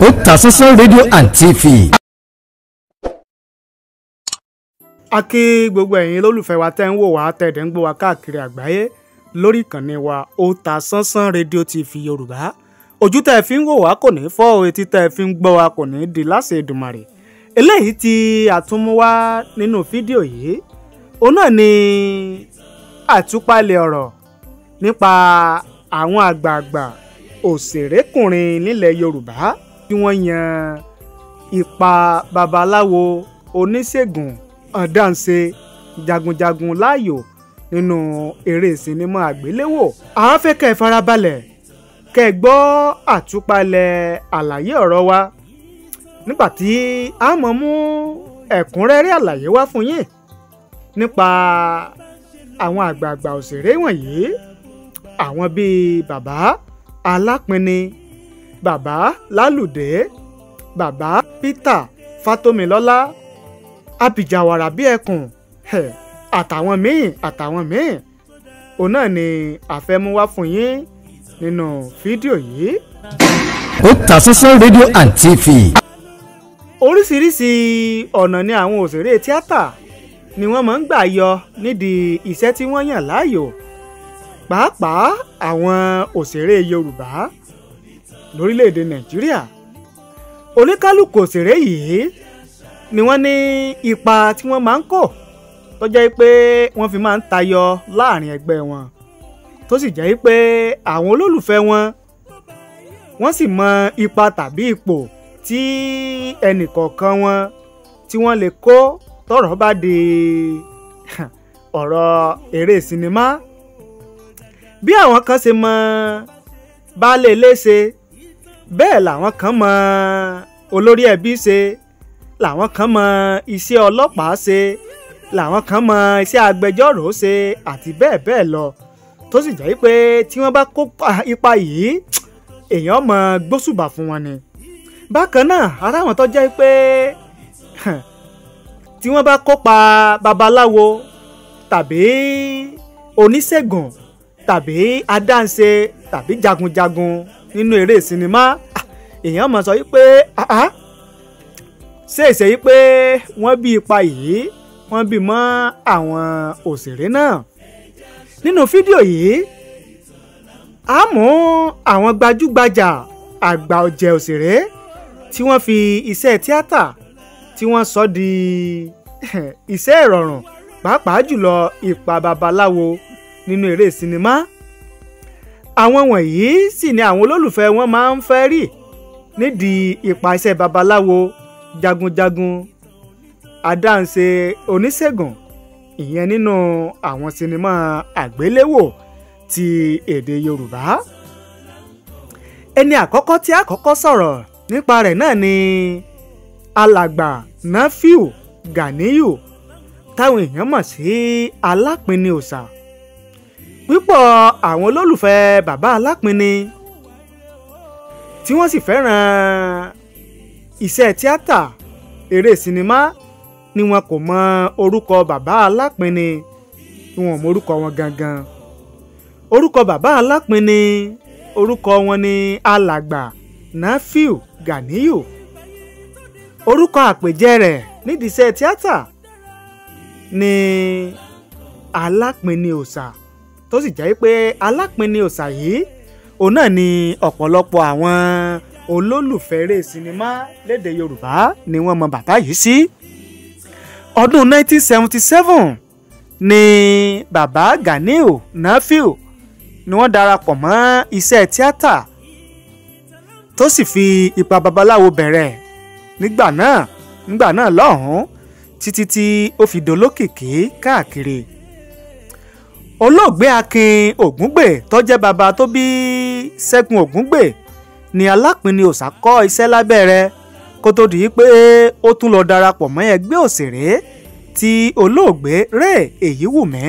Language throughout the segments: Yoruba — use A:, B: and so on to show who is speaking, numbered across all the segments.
A: Otasansan rédíò and TV. a kí gbogbo ẹ̀yin lólùfẹ́ wa tẹ́ ń wò wá tẹ̀dẹ̀ ń gbọ́ wá káàkiri àgbáyé lórí ìkànnì wa Otasansan rédíò TV Yorùbá ojú tẹ́ ẹ fi ń wò wá kò ní fọ́ o etí tẹ́ ẹ fi ń gbọ́ wá kò ní di láṣẹ Èdùmàrè eléyìí tí àtúnmúwá nínú fídíò yìí òun náà ni àtúpalẹ̀ ọ̀rọ̀ nípa àwọn àgbààgbà òṣèrékùnrin nílẹ̀ Yorùbá kí wọ́n yan ipa babaláwo oníṣègùn ọ̀dànṣe jagunjagun láàyò nínú eré sinimá àgbéléwò. à ń fẹ́ kẹ́ ẹ farabalẹ̀ kẹ́ ẹ gbọ́ àtúpalẹ̀ àlàyé ọ̀rọ̀ wa nígbà tí a mọ̀ mú ẹ̀kúnrẹ́rẹ́ àlàyé wá fún yín nípa àwọn àgbààgbà òṣèré wọ̀nyí àwọn bíi bàbá alápinni bàbá lálùdé bàbá peter fatomilọ́lá abìjàwàrà bíi ẹkùn àtàwọn míì àtàwọn míì òun náà ni àfẹ́múwá fún yín nínú fídíò yìí. Otasansan rédíò and TV. oríṣiríṣi ọ̀nà ni àwọn òṣèré tíátà ni wọ́n máa ń gbà yọ nídìí iṣẹ́ tí wọ́n yàn láàyò pàápàá àwọn òṣèré Yorùbá lórílẹ̀‐èdè nàìjíríà oníkálukú òṣèré yìí ni wọ́n ní ipa tí wọ́n máa ń kó tó jẹ́ pé wọ́n fi máa ń tayọ láàrin ẹgbẹ́ wọn tó sì jẹ́ pé àwọn olólùfẹ́ wọn wọ́n sì mọ ipa tàbí ipò tí ẹnìkọ̀ọ̀kan wọn tí wọ́n lè kó tọ́rọ̀ bá di ọ̀rọ̀ eré sinimá bí àwọn kan ṣe mọ baálé léṣe bẹ́ẹ̀ làwọn kan mọ olórí ẹbí ṣe làwọn kan mọ iṣẹ́ ọlọ́pàá ṣe làwọn kan mọ iṣẹ́ agbẹjọ́rò ṣe àti bẹ́ẹ̀ bẹ́ẹ̀ lọ tó sì jẹ́ pé tí wọ́n bá kó ipa yìí èèyàn mọ gbósùbà fún wọn ni bákan náà ara àwọn tó jẹ́ pé tí wọ́n bá kópa babaláwo tàbí oníṣègùn tàbí adáǹṣe tàbí jagunjagun nínú eré sinimá ah, èèyàn mọ̀ sọ yìí pé ah, ah. ṣé ìṣe yìí pé wọ́n bí ipa yìí wọ́n bí mọ́ àwọn òṣèré náà nínú fídíò yìí a mú àwọn gbajúgbajà àgbà ọ̀jẹ̀ òṣèré tí wọ́n fi iṣẹ́ tíátà tí wọ́n sọ di iṣẹ́ ìrọ̀rùn pàápàá jùlọ ipa babaláwo nínú eré sinimá àwọn wọ̀nyí sì ni àwọn olólùfẹ́ wọn máa ń fẹ́ rí nídìí ìpàṣẹ babaláwo jagunjagun adáǹṣe oníṣègùn ìyẹn nínú àwọn sinimá àgbéléwò ti èdè Yorùbá ẹni àkọ́kọ́ tí a kọ́kọ́ sọ̀rọ̀ nípa rẹ̀ náà ni alàgbà Nafiu Ganiyu táwọn èèyàn mọ̀ sí alápinni òòṣà pípọ̀ àwọn olólùfẹ́ bàbá alápinni tí wọ́n sì fẹ́ràn iṣẹ́ tíátà eré sinimá ni wọn kò mọ orúkọ bàbá alápinni tí wọn ò mọ orúkọ wọn gangan orúkọ bàbá alápinni orúkọ wọn ni alàgbà nafiu ganiyu orúkọ àpèjẹ rẹ̀ nídìí iṣẹ́ tíátà ni alápinni òòṣà tó sì jẹ́ pé alápinni òòṣà yìí òun náà ni ọ̀pọ̀lọpọ̀ àwọn olólùfẹ́ eré sinimá léde Yorùbá ni wọ́n mọ bàbá yìí sí. ọdún 1977 ni bàbá Ganiu nafio ni wọ́n darapọ̀ mọ́ iṣẹ́ tíátà tó sì fi ipa babaláwo bẹ̀rẹ̀ nígbà náà nígbà náà lọ́hùn-ún títí tí ó fi dolókìkí káàkiri olóògbé akin ògúngbè tó jẹ́ bàbá tó bí ṣẹ́gun ògúngbè ni alápinni òòṣà kọ́ iṣẹ́ lábẹ́ rẹ̀ kó tó di pé ó tún lọ darapọ̀ mọ́ ẹgbẹ́ òṣèré ti olóògbé rẹ̀ èyíwùmí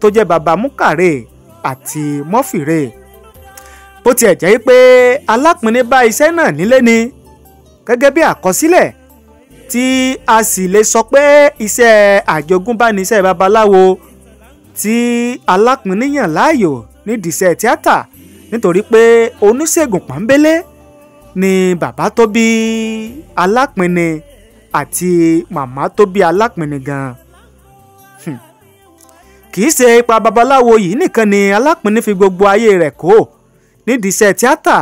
A: tó jẹ́ bàbá mukare àti mọ́fìrè bó tiẹ̀ jẹ́ pé alápinni bá iṣẹ́ náà nílé ni gẹ́gẹ́ bí àkọsílẹ̀ tí a sì lè sọ pé iṣẹ́ àjogúnbá ni iṣẹ́ babaláwo tí alápínníyàn láàyò nídìí iṣẹ́ tíátà nítorí pé oníṣègùn pọ́nbélé ni bàbá tó bí alápínní àti màmá tó bí alápínní gan-an hmm. kì í ṣe ipa babaláwo yìí nìkan ni alápínní fi gbogbo ayé rẹ̀ kó nídìí iṣẹ́ tíátà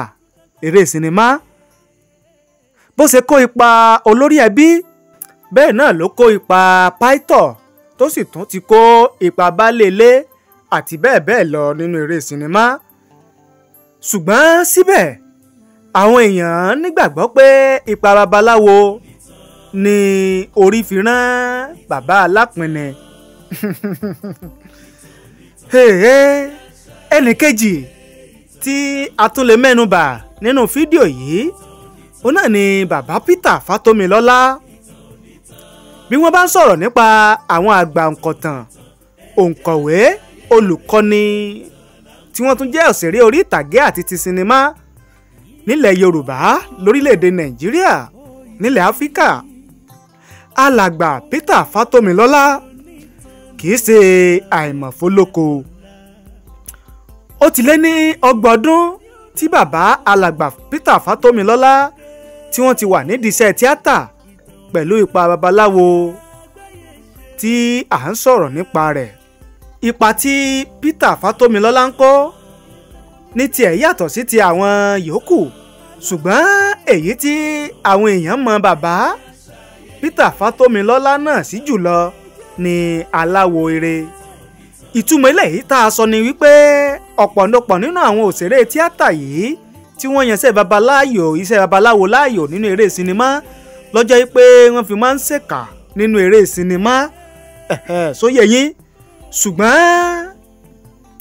A: eré sinimá bó ṣe kó ipa olórí ẹbí bẹ́ẹ̀ náà ló kó ipa pító tó sì tún ti kó ipa bálélé àti bẹ́ẹ̀ bẹ́ẹ̀ lọ nínú eré sinimá ṣùgbọ́n síbẹ̀ àwọn èèyàn nígbàgbọ́ pé ipa babaláwo ni orí fi rán bàbá alápinni ẹnì kejì tí a tún lè mẹ́nubà nínú fídíò yìí òun náà ni bàbá Peter Fatomilola bí wọ́n bá ń sọ̀rọ̀ nípa àwọn àgbà òǹkọ̀tàn òǹkọ̀wé olùkọ́ni tí wọ́n tún jẹ́ òṣèré orí ìtàgé àti ti sinimá nílẹ̀ yorùbá lórílẹ̀‐èdè nàìjíríà nílẹ̀ áfíríkà alàgbà peter fatomilọ́lá kì í ṣe àìmọ̀fólóko ó ti lé ní ọgbọ̀n ọdún tí bàbá alàgbà peter fatomilọ́lá tí wọ́n ti wà nídìí iṣẹ́ tíátà pẹ̀lú ipa babaláwo tí à ń sọ̀rọ̀ nípa rẹ̀ ipa tí Peter Fátómilọ́lá ń kó ní tiẹ̀ yàtọ̀ sí ti àwọn yòókù ṣùgbọ́n èyí tí àwọn èèyàn mọ bàbá Peter Fátómilọ́lá náà sí jùlọ ni aláwo eré ìtumọ̀ eléyìí tá a sọ ni wípé ọ̀pọ̀lọpọ̀ nínú àwọn òṣèré tíátà yìí tí wọ́n yanṣẹ́ babaláyò iṣẹ́ babaláwo láàyò nínú eré sinimá lọ́jọ́ yìí pé wọ́n fi máa ń ṣèkà nínú eré sinimá sóyè yín ṣùgbọ́n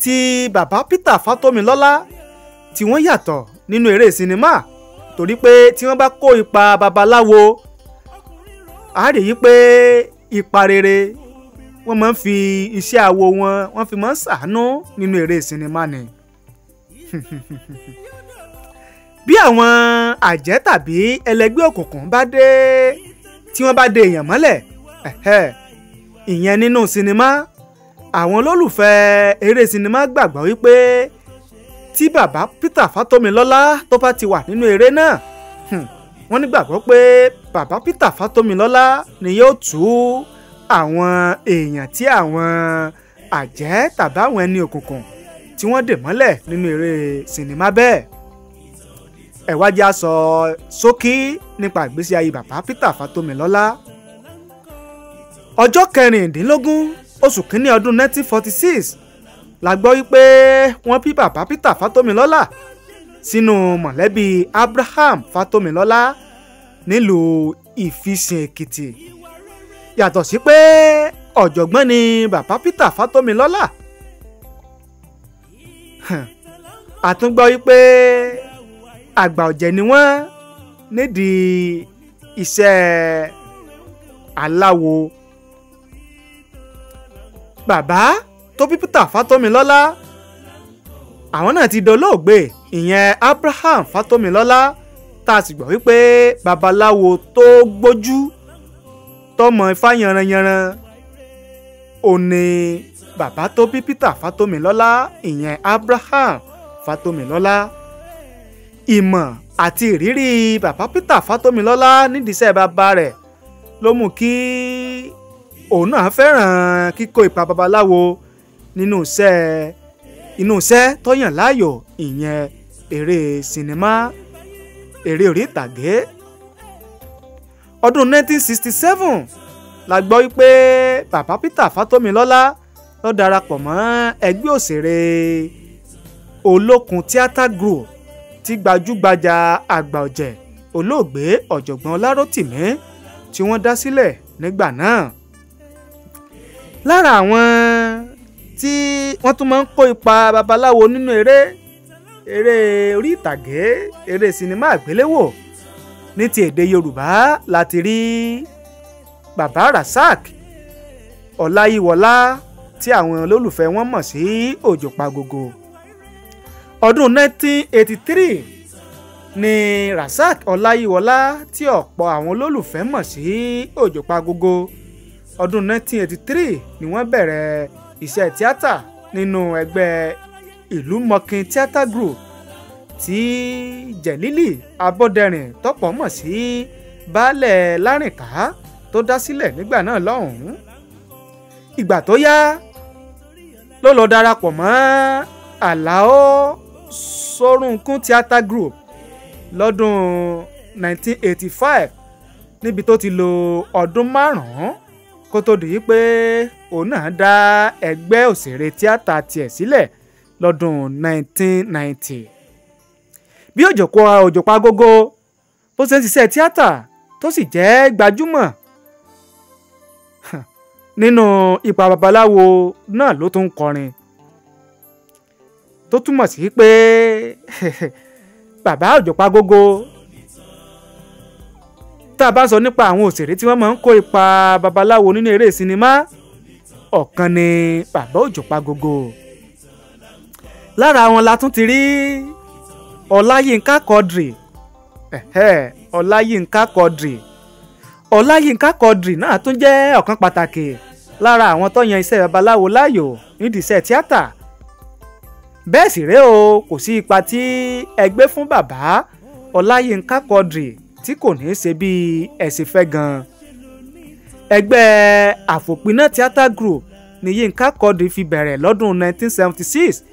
A: ti bàbá Peter Fátómilọ́lá tí wọ́n yàtọ̀ nínú eré sinimá torí pé tí wọ́n bá kó ipa babaláwo a rí yìí pé ipa rere wọ́n máa ń fi iṣẹ́ awo wọn wọ́n fi máa ń ṣàánú nínú eré sinimá ni. bí àwọn àjẹ́ tàbí ẹlẹgbẹ́ òkùnkùn bá dé tí wọ́n bá de èèyàn mọ́lẹ̀ ìyẹn nínú sinimá àwọn olólùfẹ́ eré sinimá gbàgbọ́ wípé tí bàbá Peter Fátómilọ́lá tó bá ti wà nínú eré náà wọ́n nígbàgbọ́ pé bàbá Peter Fátómilọ́lá ni yóò tú àwọn èèyàn tí àwọn àjẹ́ tàbí àwọn ẹni òkùnkùn tí wọ́n dè mọ́lẹ̀ nínú eré sinimá bẹ́ẹ̀ ẹ̀wájú á sọ sókè nípa ìgbésí ayé bàbá Peter Fatomilola ọjọ́ kẹrìndínlógún oṣù kínní ọdún 1946 la gbọ́ wípé wọ́n bí bàbá Peter Fatomilola sínú mọ̀lẹ́bí Abraham Fatomilola nílùú Ìfisìn Èkìtì yàtọ̀ sí pé ọ̀jọ̀gbọ́n ni bàbá Peter Fatomilola àtúngbọ́ wípé àgbà ọ̀jẹ̀ ni wọ́n nídìí iṣẹ́ aláwo bàbá tó bí Peter Fátómilọ́lá àwọn náà ti dolóògbé ìyẹn Abraham Fátómilọ́lá tá a sì gbọ́ wípé babaláwo tó gbójú tọmọ ifá yanranyanran òní bàbá tó bí Peter Fátómilọ́lá ìyẹn Abraham Fátómilọ́lá ìmọ̀ àti ìrírí bàbá Peter Fátómilọ́lá nídìíṣẹ́ bàbá rẹ̀ ló mú kí òun náà fẹ́ràn kíkó ipa babaláwo nínú iṣẹ́ inú iṣẹ́ tó yàn láàyò ìyẹn eré sinimá eré orí ìtàgé ọdún 1967 la gbọ́ wípé bàbá Peter Fátómilọ́lá ló darapọ̀ mọ́ ẹgbẹ́ òṣèré Olókun Theatre Group tí gbajúgbajà àgbà ọ̀jẹ̀ olóògbé ọ̀jọ̀gbọ́n Ọlárótìmí tí wọ́n dá sílẹ̀ nígbà náà. lára àwọn tí wọ́n tún máa ń kó ipa babaláwo nínú eré eré orí ìtàgé eré sinimá àgbéléwò ní ti èdè Yorùbá láti rí bàbá Rasaq Ọláyíwọlá tí àwọn olólùfẹ́ wọn mọ̀ sí Òjò Pàgògò ọdún 1983 ni rasak Ọláyíwọlá tí ọ̀pọ̀ àwọn olólùfẹ́ mọ̀ sí Òjò Pagogo ọdún 1983 ni wọ́n bẹ̀rẹ̀ iṣẹ́ tíátà nínú ẹgbẹ́ ìlúmọ̀kin theatre group tí Jẹ̀lílì Abọ́dẹrìn tọ́pọ̀ mọ̀ sí baálẹ̀ Lárìnká tó dá sílẹ̀ nígbà náà lọ́hùn-ún ìgbà tó yá ló lọ darapọ̀ mọ́ Àlàó Sorunkun Theatre Group lọ́dún 1985 níbi tó ti lo ọdún márùn-ún kó tó di pé òun náà dá ẹgbẹ́ òṣèré tíátà tiẹ̀ sílẹ̀ lọ́dún 1990. bí òjòkó òjòpá gógó bó ṣe ń ṣiṣẹ́ tíátà tó sì jẹ́ gbajúmọ̀ nínú ipa babaláwo náà ló tún kọrin tó túmọ̀ sí pé bàbá òjò pa gógó tá a bá sọ nípa àwọn òṣèré tí wọ́n máa ń kó ipa babaláwo nínú eré sinimá ọ̀kan ni bàbá òjò pa gógó lára wọn la tún ti rí ọláyínká quadri ọláyínká quadri ọláyínká quadri náà tún jẹ́ ọ̀kan pàtàkì lára àwọn tó yan iṣẹ́ babaláwo láàyò nídìí iṣẹ́ tíátà bẹ́ẹ̀ sì rèé o kò sí ipa tí ẹgbẹ́ fún bàbá ọláyínká quadri tí kò ní í ṣe bí ẹ̀sìn fẹ́ gan ẹgbẹ́ àfòpiná theatre group ni yínká quadri fi bẹ̀rẹ̀ lọ́dún 1976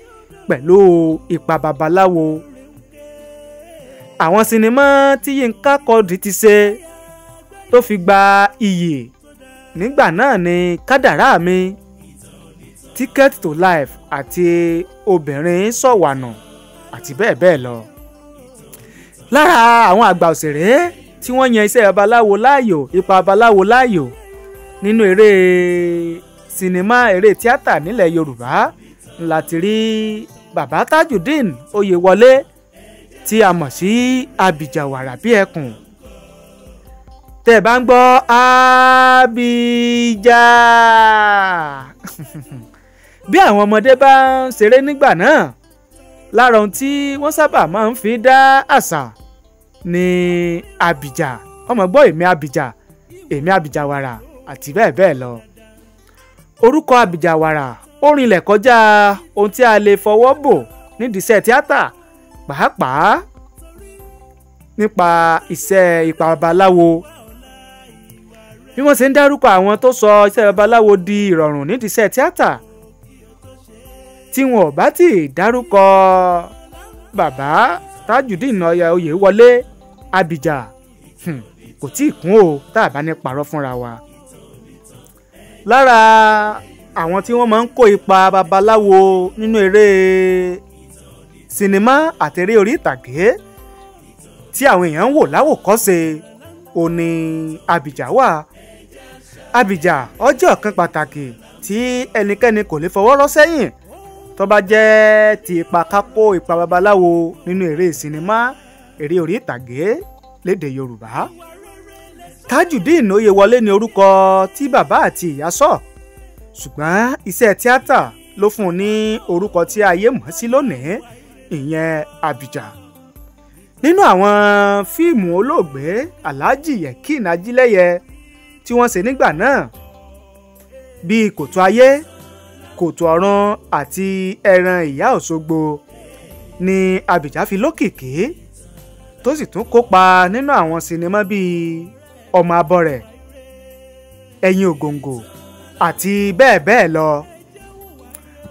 A: pẹ̀lú ipa babaláwo àwọn sinimá tí yínká quadri ti ṣe tó fi gba iyì nígbà náà ni kádàrá mi ticket to life àti obìnrin sọ̀wànà àti bẹ́ẹ̀ bẹ́ẹ̀ lọ. lára àwọn àgbà òṣèré tí wọ́n yan iṣẹ́ babaláwo láàyò ipa babaláwo láàyò nínú eré sinimá eré tíátà nílẹ̀ yorùbá la ti rí bàbá tajudeen oyèwọlé tí a mọ̀ sí abìjà wàrà bí ẹkùn tẹ́ bá ń gbọ́ abìjà. bí àwọn ọmọdé bá ń ṣeré nígbà náà lára ohun tí wọ́n sábà máa ń fi dá àṣà ni àbìjà ọmọ gbọ́ èmi àbìjà èmi àbìjà wàrà àti bẹ́ẹ̀ bẹ́ẹ̀ lọ. orúkọ àbìjà wàrà ó rinlẹ̀ kọjá ohun tí a lè fọwọ́ bò nídìí iṣẹ́ tíátà pàápàá nípa iṣẹ́ ipa babaláwo bí wọ́n ṣe ń dárúkọ àwọn tó sọ iṣẹ́ babaláwo di ìrọ̀rùn nídìí iṣẹ́ tíátà tí wọn ò bá tì í dárúkọ bàbá tajudeen ọyà oyèwọlé abija hmm, kò tí ì kún o tá a bá ní parọ́ fúnra wa. lára àwọn tí wọ́n máa ń kó ipa babaláwo nínú eré sinimá àti eré orí ìtàgé tí àwọn èèyàn ń wò láwòkọ́ṣe ó ní abija wà abija ọjọ́ kan pàtàkì tí ẹnikẹ́ni kò lè fọwọ́ rọ́ sẹ́yìn tó bá jẹ́ ti ipa kákó ipa babaláwo nínú eré sinimá eré orí ìtàgé lédè Yorùbá Tajudeen Oyewole ni orúkọ tí bàbá àti ìyá sọ ṣùgbọ́n iṣẹ́ tíátà ló fún un ní orúkọ tí ayé mọ̀ sí lónìí ìyẹn Abija nínú àwọn fíìmù olóògbé Alhaji Yekin Ajílẹ́yẹ tí wọ́n ṣe nígbà náà bíi kòtò ayé kòtò ọ̀run àti ẹran ìyá òṣogbo ni àbíjá fi lókìkí tó sì tún kópa nínú àwọn sinimá bíi ọmọ abọrẹ̀ ẹ̀yìn ògòǹgò àti bẹ́ẹ̀ bẹ́ẹ̀ lọ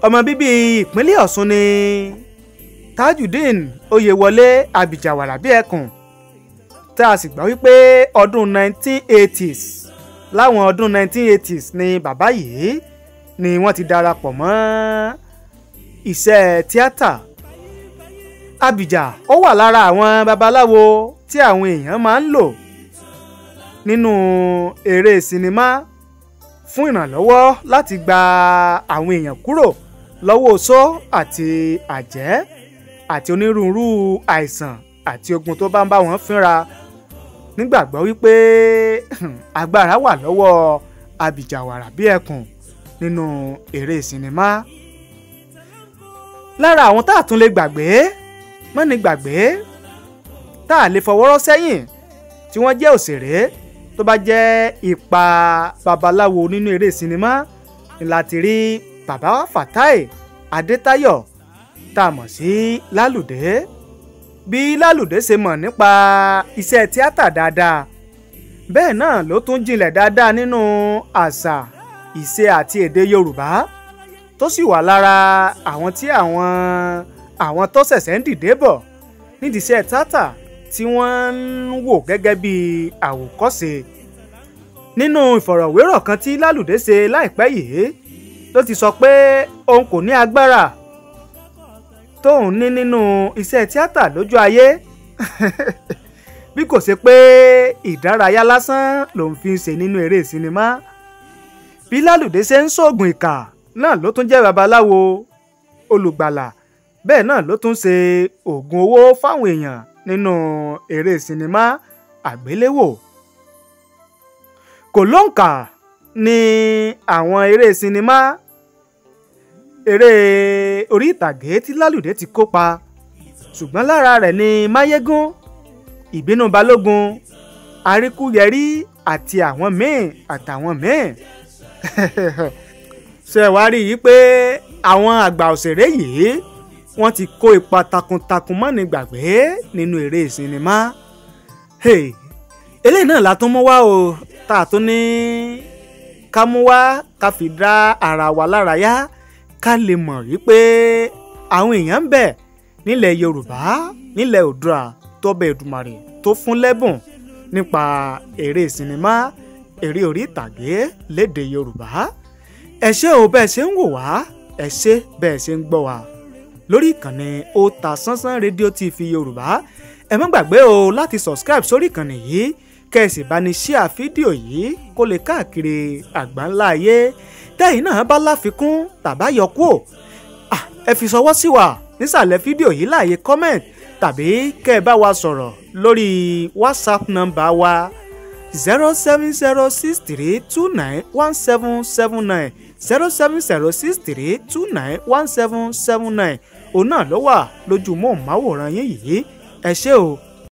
A: ọmọ bíbí ìpínlẹ̀ ọ̀ṣun ni tajudeen oyewọlé àbíjà wàràbí ẹkùn tá a sì gbọ́ wípé ọdún 1980s láwọn ọdún 1980s ni bàbá yìí ni wọ́n ti darapọ̀ mọ́ iṣẹ́ tíátà Abìjà ó wà lára àwọn babaláwo tí àwọn èèyàn máa ń lò nínú eré sinimá fún ìrànlọ́wọ́ láti gba àwọn èèyàn kúrò lọ́wọ́ oṣó àti àjẹ́ àti onírúurú àìsàn àti ogun tó bá ń bá wọn fínra nígbàgbọ́ wípé agbára wà lọ́wọ́ Abìjà wàrà bí ẹkùn nínú eré sinimá lára àwọn tá a tún lè gbàgbé mọ́ni gbàgbé tá a lè fọwọ́rọ́ sẹ́yìn tí wọ́n jẹ́ òṣèré tó bá jẹ́ ipa babaláwo nínú eré sinimá láti rí bàbá Fatai Adétáyọ̀ tá a mọ̀ sí Lálùdé bí Lálùdé ṣe mọ̀ nípa iṣẹ́ tíátà dáadáa bẹ́ẹ̀ náà ló tún jinlẹ̀ dáadáa nínú àṣà ìṣe àti èdè yorùbá tó sì wà lára àwọn tí àwọn àwọn tó ṣẹ̀ṣẹ̀ ń dìde bọ̀ nídìí iṣẹ́ tata tí wọ́n ń wò gẹ́gẹ́ bí àwòkọ́ṣe nínú ìfọ̀rọ̀wérọ̀ kan tí lálùdé ṣe láìpẹ́ yìí ló ti sọ pé òun kò ní agbára tóun ní nínú iṣẹ́ tíátà lójú ayé bí kò ṣe pé ìdárayá lásán lòun fi ń ṣe nínú eré sinimá bí lálùdé ṣe ń ṣoògùn ìkà náà ló tún jẹ́ babaláwo olùgbàlà bẹ́ẹ̀ náà ló tún ṣe oògùn owó fáwọn èèyàn nínú eré sinimá àgbéléwò kò lóǹkà ní àwọn eré sinimá eré orí ìtàgé tí lálùdé ti kópa ṣùgbọ́n lára rẹ̀ ni máyégún ìbínú balógun àríkúyẹrí àti àwọn míì àtàwọn míì. ṣe wá rí i pé àwọn àgbà òṣèré yìí wọ́n ti kó ipa takuntakun mọ́ni gbàgbé nínú eré sinimá eléyìí náà la tún mú wá o tá a tún ní ká mú wá ká fi dá ara wa lárayá ká lè mọ̀ wípé àwọn èèyàn ń bẹ nílẹ̀ Yorùbá nílẹ̀ Oòduà tọ́bẹ̀ Èdùmàrè tó fún lẹ́bùn nípa eré sinimá eré orí ìtàgé léde yorùbá ẹ ṣé o bẹ́ẹ̀ ṣe ń wò wá ẹ ṣé bẹ́ẹ̀ ṣe ń gbọ́ wá lórí ìkànnì ó ta sánsán rédíò tv yorùbá ẹ má gbàgbé o láti subscribe sórí ìkànnì yìí kẹ̀sì bá ní ṣíà fídíò yìí kó lè káàkiri àgbáńlá ayé tẹ́yìn náà bá láfikún tàbá yọkú ò ẹ fi ṣọwọ́ sí wa nísàlẹ̀ fídíò yìí láàyè comment tàbí kẹ́ ẹ bá wa sọ̀rọ̀ lórí whatsapp nọ́mbà wa zero seven zero six three two nine one seven seven nine zero seven zero six three two nine one seven seven nine òun náà ló wà lójú mọ́ máwòrán yín yìí ẹ ṣé o.